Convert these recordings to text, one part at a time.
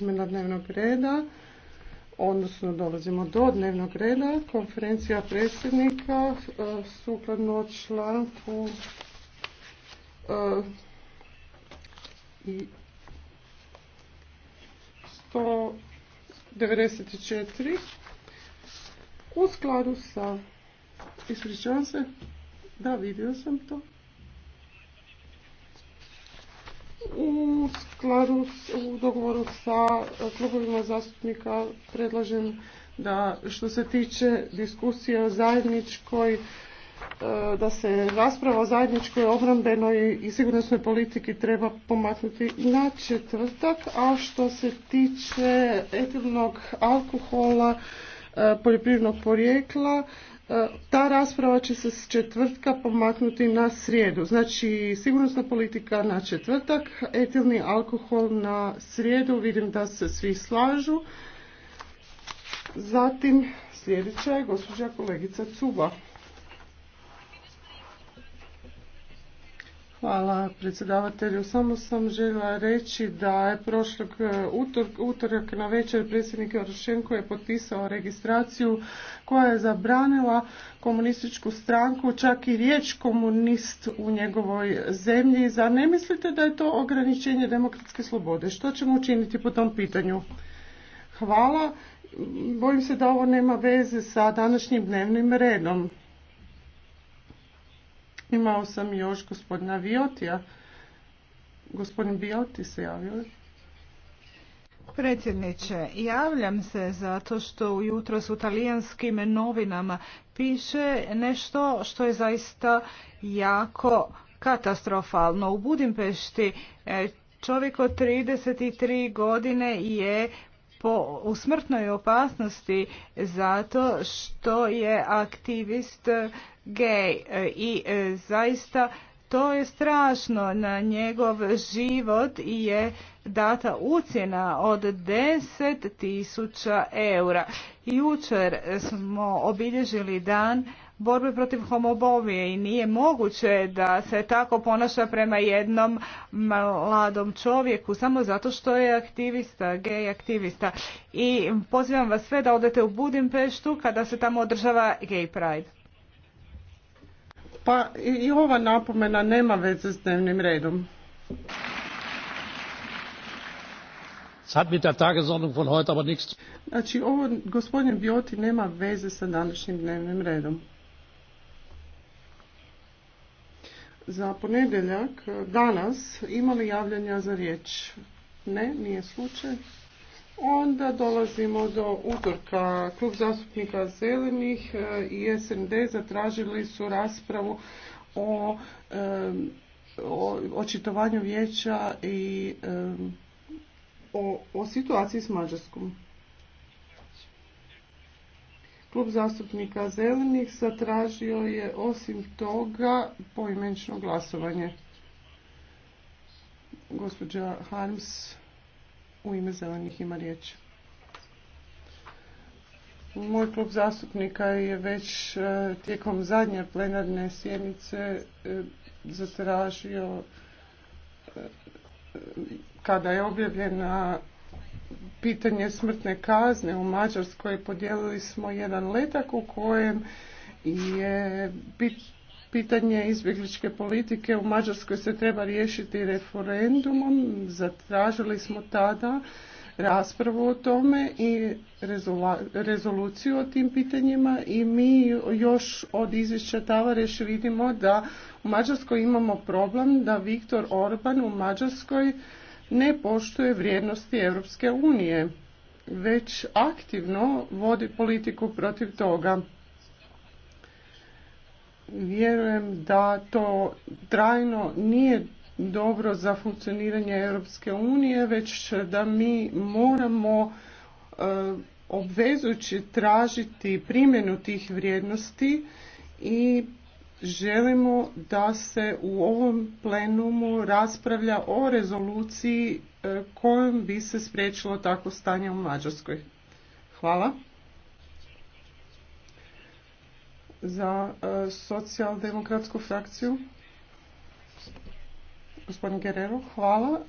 izmjena dnevnog reda, odnosno dolazimo do dnevnog reda, konferencija predsjednika e, sukladno članku e, i 194 u skladu sa ispričavam se da vidio sam to U skladu u dogovoru sa klubovima zastupnika predlažem da što se tiče diskusije o zajedničkoj e, da se rasprava o zajedničkoj obrambenoj i sigurnosnoj politiki treba pomaknuti na četvrtak, a što se tiče etilnog alkohola e, poljoprivrednog porijekla E, ta rasprava će se s četvrtka pomaknuti na srijedu. Znači, sigurnosna politika na četvrtak, etilni alkohol na srijedu, vidim da se svi slažu. Zatim, sljedeća je gospođa kolegica Cuba. Hvala predsjedavatelju. Samo sam željela reći da je prošlog e, utorak na večer predsjednik Jorošenko je potpisao registraciju koja je zabranila komunističku stranku, čak i riječ komunist u njegovoj zemlji. Zar ne mislite da je to ograničenje demokratske slobode? Što ćemo učiniti po tom pitanju? Hvala. Bojim se da ovo nema veze sa današnjim dnevnim redom imao sam još gospodina Viotija. Gospodin Bioti se javio. Predsjedniče, javljam se zato što ujutro su u talijanskim novinama piše nešto što je zaista jako katastrofalno. U Budimpešti e, čovjek od 33 godine je po, u smrtnoj opasnosti zato što je aktivist gay. E, i e, zaista to je strašno na njegov život je data ucjena od 10.000 eura. Jučer smo obilježili dan borbe protiv homobovije i nije moguće da se tako ponaša prema jednom mladom čovjeku samo zato što je aktivista, gej aktivista. I pozivam vas sve da odete u Budimpeštu kada se tamo održava gay pride. Pa i ova napomena nema veze s dnevnim redom. Znači, ovo, gospodin Bioti nema veze sa današnjim dnevnim redom. za ponedjeljak danas imali javljanja za riječ? Ne, nije slučaj. Onda dolazimo do utorka. Klub zastupnika Zelenih e, i SND zatražili su raspravu o e, očitovanju vijeća i e, o, o situaciji s Mađarskom. Klub zastupnika Zelenih zatražio je osim toga poimenično glasovanje. Gospođa Harms u ime Zelenih ima riječ. Moj klub zastupnika je već e, tijekom zadnje plenarne sjednice e, zatražio e, kada je objavljena pitanje smrtne kazne u Mađarskoj podijelili smo jedan letak u kojem je pitanje izbjegličke politike u Mađarskoj se treba riješiti referendumom. Zatražili smo tada raspravu o tome i rezoluciju o tim pitanjima i mi još od izvješća Tavareš vidimo da u Mađarskoj imamo problem da Viktor Orban u Mađarskoj ne poštuje vrijednosti Europske unije, već aktivno vodi politiku protiv toga. Vjerujem da to trajno nije dobro za funkcioniranje Europske unije, već da mi moramo e, obvezujući tražiti primjenu tih vrijednosti i želimo da se u ovom plenumu raspravlja o rezoluciji e, kojom bi se spriječilo takvo stanje u Mađarskoj. Hvala. Za e, socijaldemokratsku frakciju. Gospodin Guerrero, hvala.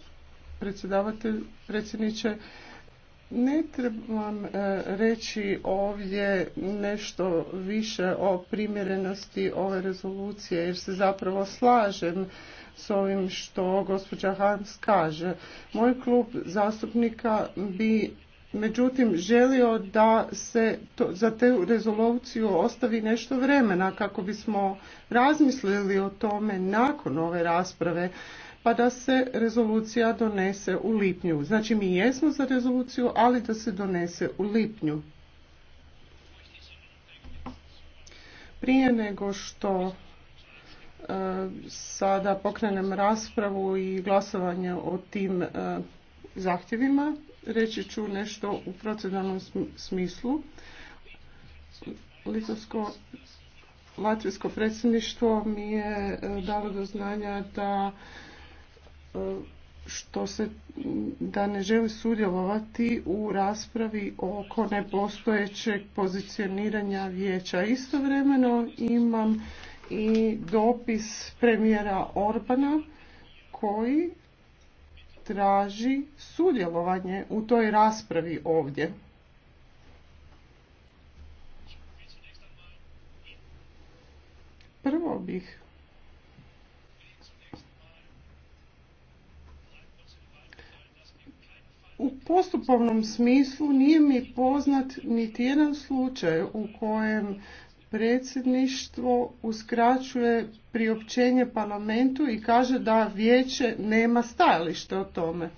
Predsjedavatelj, predsjedniče, ne trebam e, reći ovdje nešto više o primjerenosti ove rezolucije jer se zapravo slažem s ovim što gospođa Harms kaže. Moj klub zastupnika bi međutim želio da se to, za tu rezoluciju ostavi nešto vremena kako bismo razmislili o tome nakon ove rasprave pa da se rezolucija donese u lipnju. Znači mi jesmo za rezoluciju, ali da se donese u lipnju. Prije nego što e, sada pokrenem raspravu i glasovanje o tim e, zahtjevima, reći ću nešto u proceduralnom smislu. Litovsko Latvijsko predsjedništvo mi je e, dalo do znanja da E, što se da ne želi sudjelovati u raspravi oko nepostojećeg pozicioniranja vijeća. Istovremeno imam i dopis premijera Orbana koji traži sudjelovanje u toj raspravi ovdje. Prvo bih u postupovnom smislu nije mi poznat niti jedan slučaj u kojem predsjedništvo uskraćuje priopćenje parlamentu i kaže da vijeće nema stajalište o tome.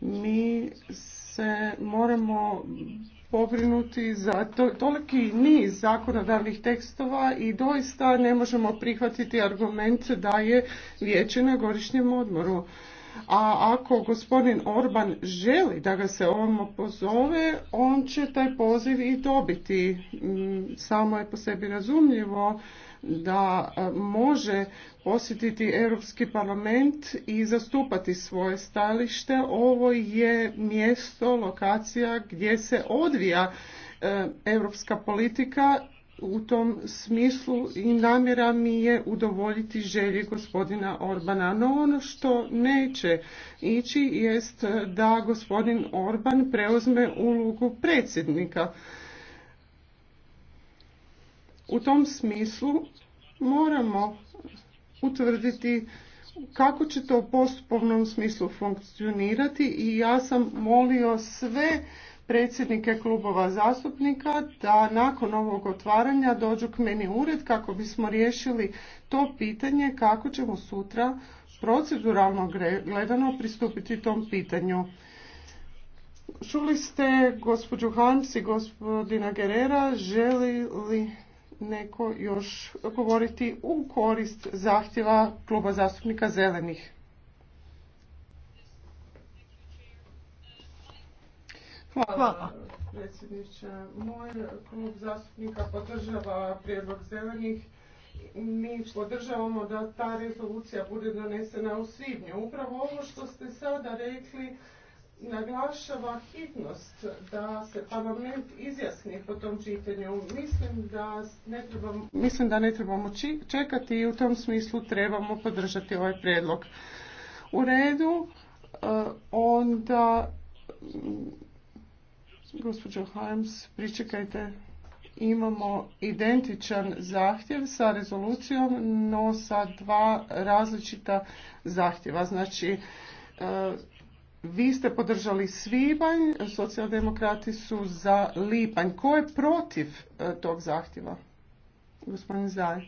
Mi se moramo pobrinuti za to, toliki niz zakonodavnih tekstova i doista ne možemo prihvatiti argument da je vijeće na godišnjem odmoru a ako gospodin Orban želi da ga se on pozove, on će taj poziv i dobiti. Mm, samo je po sebi razumljivo da e, može posjetiti Europski parlament i zastupati svoje stajalište. Ovo je mjesto, lokacija gdje se odvija e, europska politika u tom smislu i namjera mi je udovoljiti želji gospodina Orbana. No ono što neće ići jest da gospodin Orban preuzme ulogu predsjednika. U tom smislu moramo utvrditi kako će to u postupovnom smislu funkcionirati i ja sam molio sve predsjednike klubova zastupnika da nakon ovog otvaranja dođu k meni ured kako bismo riješili to pitanje kako ćemo sutra proceduralno gledano pristupiti tom pitanju. Čuli ste gospođu Hans i gospodina Gerera, želi li neko još govoriti u korist zahtjeva kluba zastupnika zelenih? Hvala. Predsjedniče, moj klub zastupnika podržava prijedlog zelenih. Mi podržavamo da ta rezolucija bude donesena u svibnju. Upravo ovo što ste sada rekli naglašava hitnost da se parlament izjasni po tom čitanju. Mislim da ne trebamo, mislim da ne trebamo čekati i u tom smislu trebamo podržati ovaj prijedlog. U redu, e, onda Gospođo Harms, pričekajte. Imamo identičan zahtjev sa rezolucijom, no sa dva različita zahtjeva. Znači, e, vi ste podržali svibanj, socijaldemokrati su za lipanj. Ko je protiv e, tog zahtjeva? Gospodin Zaj.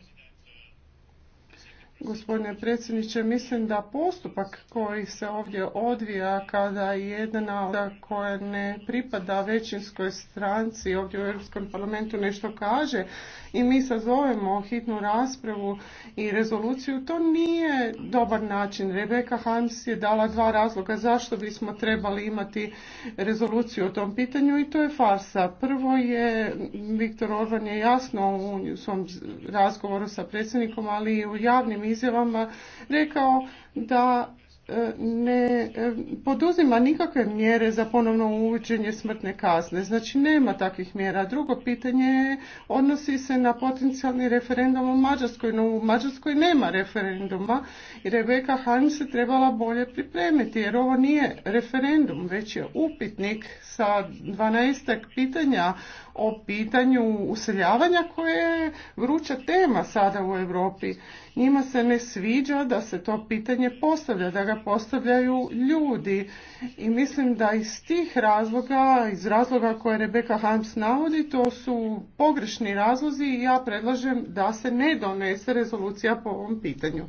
Gospodine predsjedniče, mislim da postupak koji se ovdje odvija kada jedna koja ne pripada većinskoj stranci ovdje u Europskom parlamentu nešto kaže i mi sazovemo hitnu raspravu i rezoluciju, to nije dobar način. Rebeka Hans je dala dva razloga zašto bismo trebali imati rezoluciju o tom pitanju i to je farsa. Prvo je, Viktor Orban je jasno u svom razgovoru sa predsjednikom, ali i u javnim izjavama rekao da e, ne e, poduzima nikakve mjere za ponovno uvođenje smrtne kazne. Znači nema takvih mjera. Drugo pitanje odnosi se na potencijalni referendum u Mađarskoj. No u Mađarskoj nema referenduma i Rebeka Harm se trebala bolje pripremiti jer ovo nije referendum, već je upitnik sa 12 pitanja o pitanju useljavanja koje je vruća tema sada u Europi. Njima se ne sviđa da se to pitanje postavlja, da ga postavljaju ljudi. I mislim da iz tih razloga, iz razloga koje Rebeka Harms navodi, to su pogrešni razlozi i ja predlažem da se ne donese rezolucija po ovom pitanju.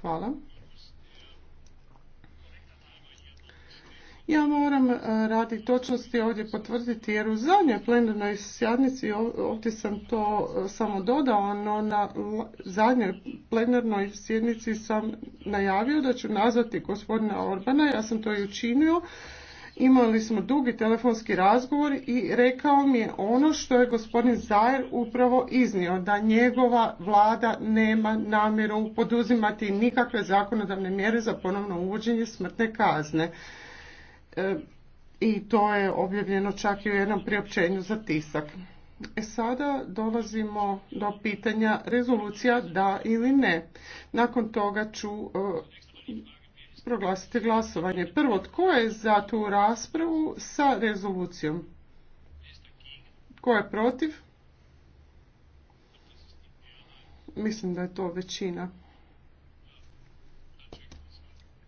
Hvala. Ja moram e, radi točnosti ovdje potvrditi jer u zadnjoj plenarnoj sjednici, ovdje sam to e, samo dodao, no na zadnjoj plenarnoj sjednici sam najavio da ću nazvati gospodina Orbana, ja sam to i učinio, imali smo dugi telefonski razgovor i rekao mi je ono što je gospodin Zajer upravo iznio, da njegova vlada nema namjeru poduzimati nikakve zakonodavne mjere za ponovno uvođenje smrtne kazne. E, i to je objavljeno čak i u jednom priopćenju za tisak. E sada dolazimo do pitanja rezolucija da ili ne. Nakon toga ću e, proglasiti glasovanje. Prvo, tko je za tu raspravu sa rezolucijom? Tko je protiv? Mislim da je to većina.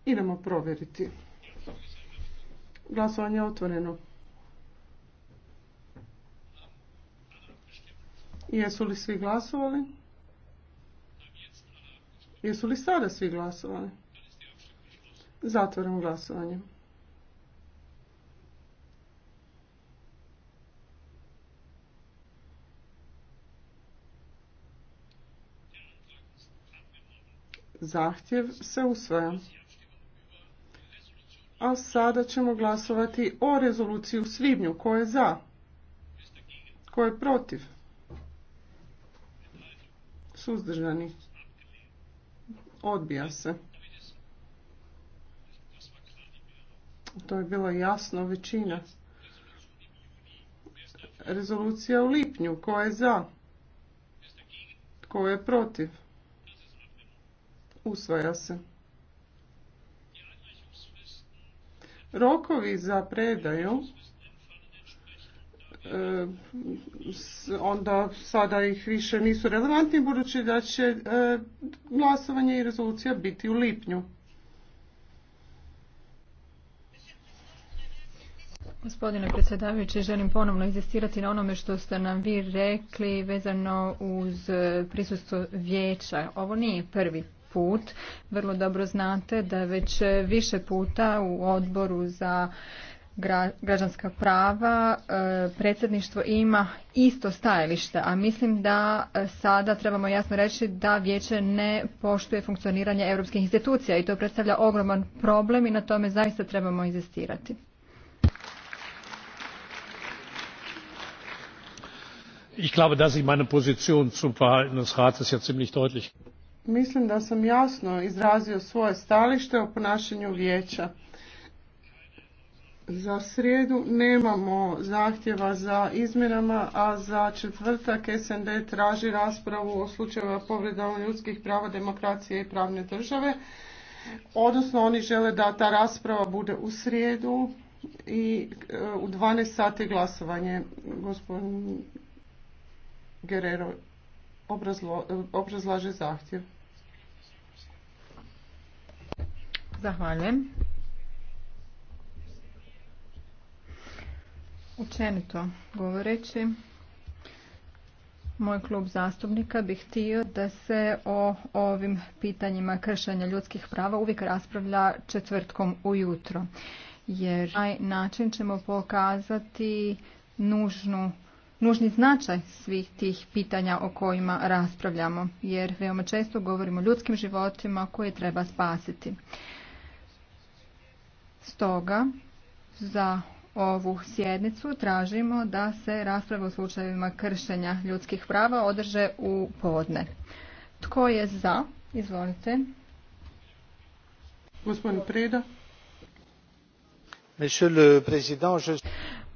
Idemo provjeriti. Glasovanje je otvoreno. Jesu li svi glasovali? Jesu li sada svi glasovali? Zatvaram glasovanje. Zahtjev se usvaja. A sada ćemo glasovati o rezoluciji u svibnju. Ko je za? Ko je protiv? Suzdržani. Odbija se. To je bila jasno većina. Rezolucija u lipnju. Ko je za? Ko je protiv? Usvaja se. Rokovi za predaju e, onda sada ih više nisu relevantni budući da će e, glasovanje i rezolucija biti u lipnju. Gospodine predsjedavajući, želim ponovno inzistirati na onome što ste nam vi rekli vezano uz prisustvo vijeća. Ovo nije prvi put. Vrlo dobro znate da već više puta u odboru za građanska prava e, predsjedništvo ima isto stajalište, a mislim da e, sada trebamo jasno reći da vijeće ne poštuje funkcioniranje europskih institucija i to predstavlja ogroman problem i na tome zaista trebamo inzistirati. Ich glaube, dass ich meine Position zum Verhalten des Rates ja ziemlich deutlich Mislim da sam jasno izrazio svoje stalište o ponašanju vijeća. Za srijedu nemamo zahtjeva za izmjenama, a za četvrtak SND traži raspravu o slučajeva povreda ljudskih prava, demokracije i pravne države. Odnosno oni žele da ta rasprava bude u srijedu i e, u 12 sati glasovanje. Gospodin Gerero obrazlaže zahtjev. Zahvaljujem. Učenito govoreći, moj klub zastupnika bi htio da se o ovim pitanjima kršenja ljudskih prava uvijek raspravlja četvrtkom ujutro. Jer na taj način ćemo pokazati nužnu nužni značaj svih tih pitanja o kojima raspravljamo, jer veoma često govorimo o ljudskim životima koje treba spasiti. Stoga za ovu sjednicu tražimo da se rasprave o slučajevima kršenja ljudskih prava održe u podne. Tko je za? Izvolite. Gospodin Preda.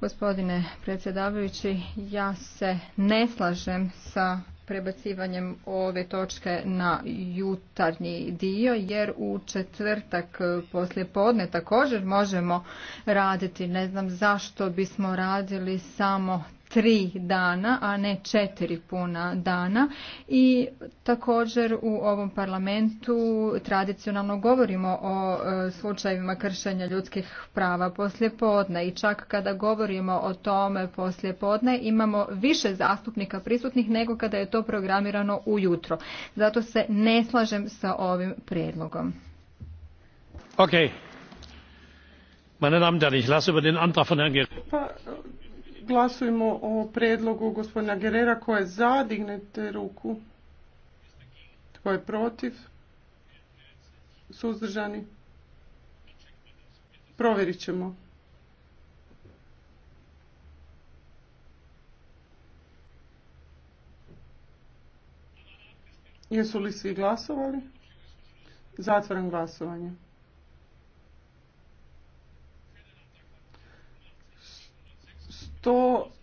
Gospodine predsjedavajući, ja se ne slažem sa prebacivanjem ove točke na jutarnji dio jer u četvrtak poslije podne također možemo raditi. Ne znam zašto bismo radili samo tri dana, a ne četiri puna dana i također u ovom parlamentu tradicionalno govorimo o e, slučajevima kršenja ljudskih prava poslije podne i čak kada govorimo o tome poslije podne imamo više zastupnika prisutnih nego kada je to programirano ujutro. Zato se ne slažem sa ovim prijedlogom. Ok. Meine Damen und Herren, ich lasse über den Antrag von Herrn pa, Glasujemo o predlogu gospodina Gerera. Ko je za? Dignete ruku. Tko je protiv? Suzdržani? Provjerit ćemo. Jesu li svi glasovali? Zatvaram glasovanje.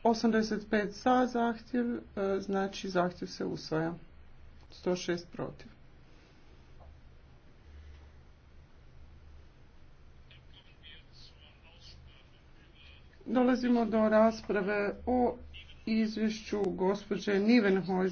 85 za zahtjev, e, znači zahtjev se usvaja. 106 protiv. Dolazimo do rasprave o izvješću gospođe Nivenhojzer.